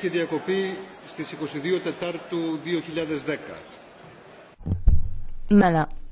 και διακοπή στις 22 Τετάρτου 2010. Μέλα.